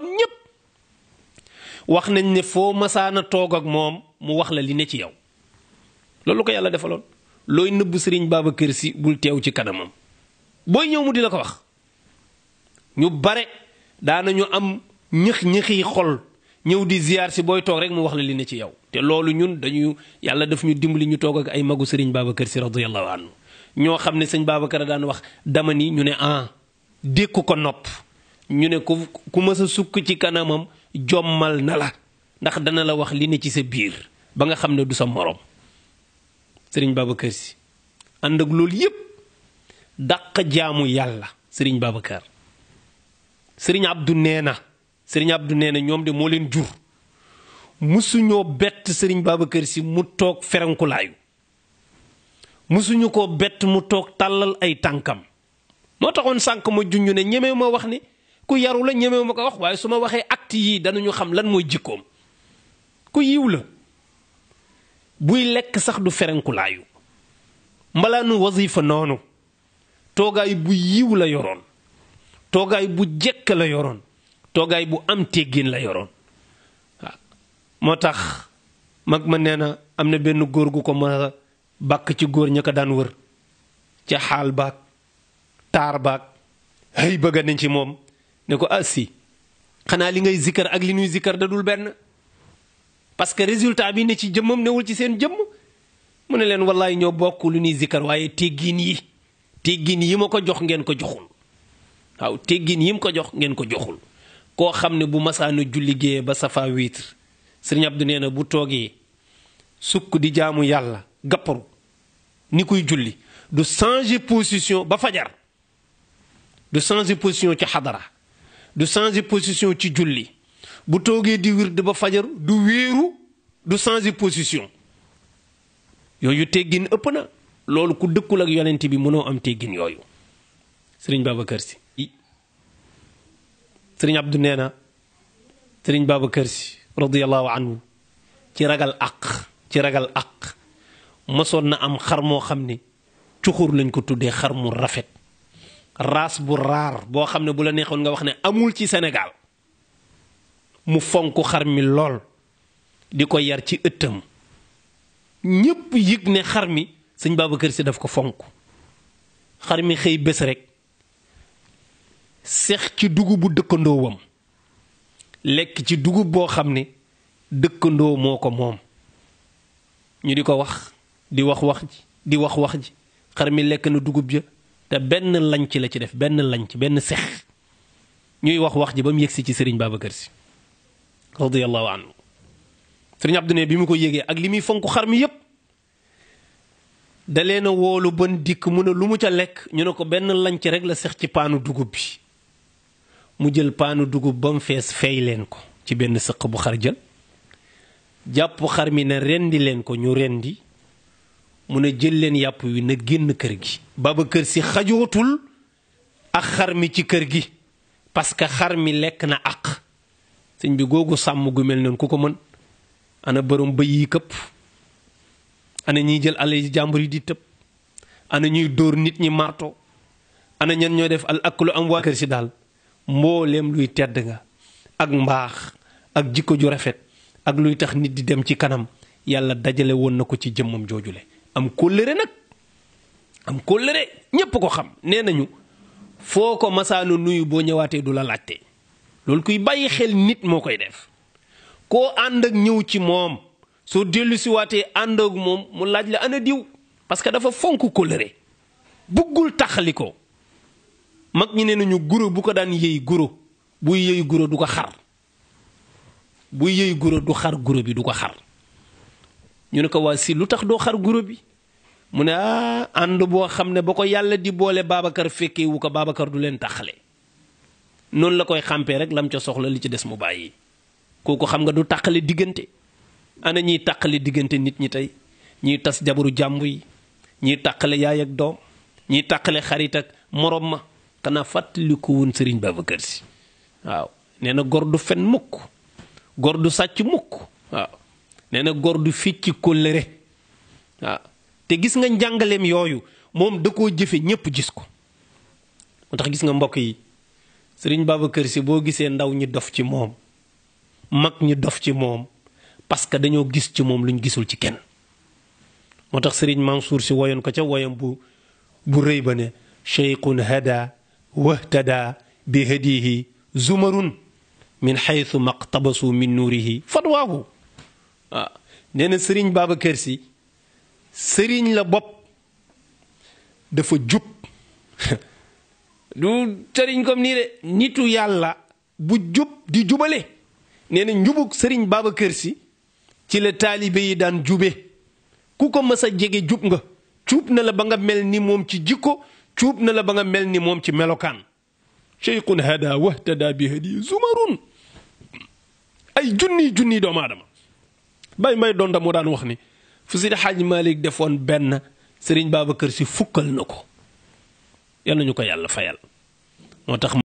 ñépp wax nañ ne foo masaana toog ak moom mu wax la li ne ci yow loolu ko yàlla defaloon looy nëbb sëriñ Babacar Si bul teew ci kanamam booy ñëw mu di la ko wax ñu bare daanañu am ñëx ñëxi xol ñëw di ziyaar si booy toog rek mu wax la li ne ci yow te loolu ñun dañu yàlla daf ñu dimbali ñu toog ak ay magu sëriñ Babacar Si radiyallahu anhu ñoo xam ne sëñ baaba Babacar daan wax dama ni ñu ne ah dékku ko nopp ñu ne ku ku mës a sukk ci kanamam jommal na la ndax dana la wax li ne ci sa biir ba nga xam ne du sa moroom sëriñ Babacar si ànd ak loolu yépp dàq jaamu yàlla sëriñ Babacar sëriñ Abdou nee na sëriñ Abdou nee na ñoom de moo leen jur musuñoo bett sëriñ Babacar si mu toog ferankulaayu musuñu ko bett mu toog tàllal ay tànkam moo taxoon sànq ma junj ne ñeme ma wax ni ku yaru la ñemewu ma ko wax waaye su ma waxee acte yii danañu xam lan mooy jikkoom ku yiw la buy lekk sax du ferenkulaayu mbalaanu wasifa noonu toogaay bu yiw la yoroon toogaay bu jekk la yoroon toogaay bu am téggin la yoroon moo tax mag ma nee na am na benn góor gu ko ma bàkk ci góor ña ko daan wër ca xaal baag taar baag hëy bëgg nañ ci moom ne ko assi ah, xanaa li ngay zikkar ak li ñuy zikkar da dul benn parce que résultat bi ne ci jëmmam newul ci seen jëmm mu ne leen wallaay ñoo bokk lu ñuy zikkar waaye teggin yi teggin yi ma ko jox ngeen ko joxul waaw teggin yi mu ko jox ngeen ko joxul koo xam ne bu masaanu julli géeye ba safa witre sëriñ Abdu nee na bu toogee sukk di jaamu yàlla gàpparu ni kuy julli du changer position ba fajar du changer position ci xadara du changer position ci julli bu toogee di wird ba fajar du wéeru du changer position yooyu teggin ëpp na loolu ku dëkkul ak yonent bi mënoo am teggin yooyu sëriñ Babacar Si sëriñ Abdu nee na sëriñ Babacar Si radiyallahu anhu ci ragal àq ci ragal àq mosoon na am xar moo xam ne cuxur lañ ko tuddee xar mu rafet ras bu rar bo xamne ne bu la neexoon nga wax ne amul ci senegal mu fonku xarmi mi diko di ko yar ci eutem ñepp yëg ne xarmi mi sëñ Babacar si daf ko fonku xarmi mi bes rek sex ci dugubu bu dekkando wam dugub ci xam bo xamne dekkando ko mom ñu di ko wax di wax wax ji di wax wax ji xarmi mi na dugub ja te benn lanc la ci def benn lañc benn seex ñuy wax wax ji ba mu yegsi ci Serigne Babacar Sy radiyallahu anhu Serigne Abdou ne bi mu ko yégee ak li muy fonk xar mi yépp da leen a woolu bën dikk mu ne lu mu ca lekk ñu ne ko benn lanc rek la seex ci paanu dugub bi mu jël paanu dugub ba mu fees fey leen ko ci benn sëq bu xar jël jàpp xar mi ne rendi leen ko ñu rendi mu ne jël leen yàpp wi na génn kër gi kër Si xajootul ak xar mi ci kër gi parce que xar mi lekk na àq sëñ bi googu sàmm gu mel noonu ku ko mën ana borom bëy yi këpp ana ñiy jël alal yi jàmbur yi di tëb ana ñuy dóor nit ñi marto ana ñan ñoo def al aklu am waa kër si daal mbooleem luy tedd nga ak mbaax ak jikko ju rafet ak luy tax nit di dem ci kanam yàlla dajale woon na ko ci jëmmam joojule am kóllëre nag am kóllëre ñépp ko xam nee nañu foo ko masaanu nuyu boo ñëwaatee du la laajte loolu kuy bàyyi xel nit moo koy def koo ànd ak ñëw ci moom soo dellu si waatee ànd ak moom mu laaj la ana diw parce que dafa fonk kóllëre buggul taxali ko mag ñi nee nañu guro bu ko daan yéy guro buy yëy guro du ko xar buy yëy guro du xar guro bi du ko xar ñu ne ko waa si lu tax doo xar guro bi mu ne ah ànd boo xam ne ba ko yàlla di boole Babacar fekkee wu ko Babacar du leen taxale noonu la koy xàmpee rek lam ca soxla li ci des mu bàyyi kooku xam nga du tàqale diggante ana ñiy tàqale diggante nit ñi tey ñiy tas jabaru jàmbu yi ñiy tàqale yaay ak doom ñiy tàqale xarit ak morom ma xanaa fàttali ko woon Serigne Babacar si waaw nee na gor du fen mukk gor du sàcc mukk waaw nee na góor du fecci kóllëre te gis nga njàngaleem yooyu moom da koo jëfe ñépp gis ko moo tax gis nga mbokk yi sëriñ Babacar Si boo gisee ndaw ñi dof ci moom mag ñi dof ci moom parce que dañoo gis ci moom luñ gisul ci kenn moo tax sëriñ Mansour Si woyoon ko ca woyam bu bu rëy ba ne cheyqun hada wahtada bi hadihi zumarun min xaytu maqtabasu min nuurihi fadwaahu waaw ah. nee na sëriñ Babacar Sy sëriñ la bopp dafa jub du sëriñ comme nii de nitu yàlla bu jub di jubale nee na sëriñ sëriñ kër Sy ci la taalibe yi daan jube ku ko mës a jege jub nga cuub na la ba nga mel ni moom ci jikko cuub na la ba nga mel ni moom ci melokaan cheyqun hada wahtada bi hadi zumarun ay junniy junniy doomu aadama bay mbay donta moo daan wax ni fu si xaaj Malick defoon benn Serigne kër si fukkal na ko yal nañu ko yàlla fayal moo tax